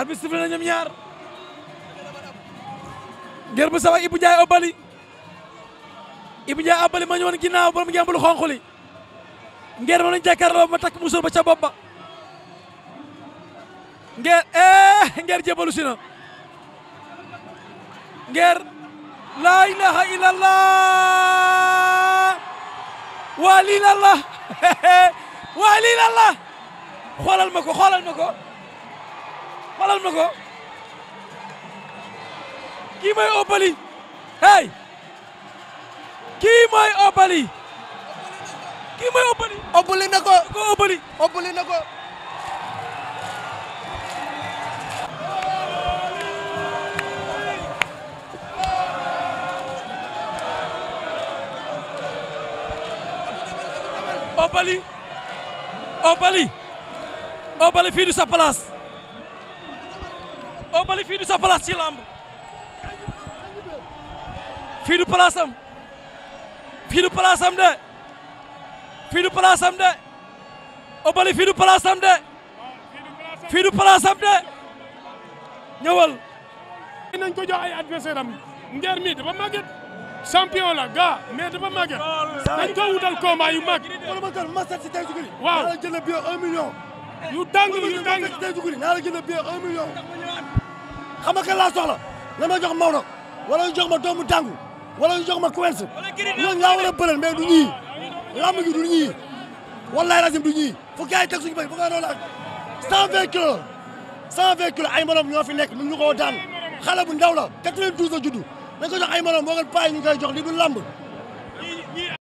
arbitre sifflé na ñoom ñaar ngër bu sawa Ibou Ndiaye Obali Ibou Ndiaye Obali ma ñu woon borom ngeen bul xonq li ngër ma nañ jàkkaarloo ma takk musóor ba ca bopp ba ngeer eh ngeer jébalu si na ngeer la waa lii lan la xoolal ma xoolal ma xoolal ma ko kii mooy Obali hey kii mooy Obali kii mooy Obali. na ko ko Obali. Obali na sa place. Obeuli fii du sa place ci lamb fii du place de fii du de Obeuli fii du nañ ko jox ay adversaire am ngeer mi dafa la ga mais dafa màgget dañ ko wutal combat yu mag waaw jël bi 1 million yu tàng bi tàng tey juguri naa la jënd billet un million xam nga kan laa soxla na ma jox Maodo wala ñu jox ma doomu tàngu wala ñu jox ma Coence ñooñu laa war a bëreel mais du ñii lamb gi du ñii wallaay rasim du ñii fu gars yi teg suñu bay fu nga san ak cent vingt kilos cent ay morom ñoo fi nekk mun ñu koo daan xale bu ndaw la quatre-vingt-douze la judd dañ jox ay morom moo gën paa yi ñu koy jox li du lamb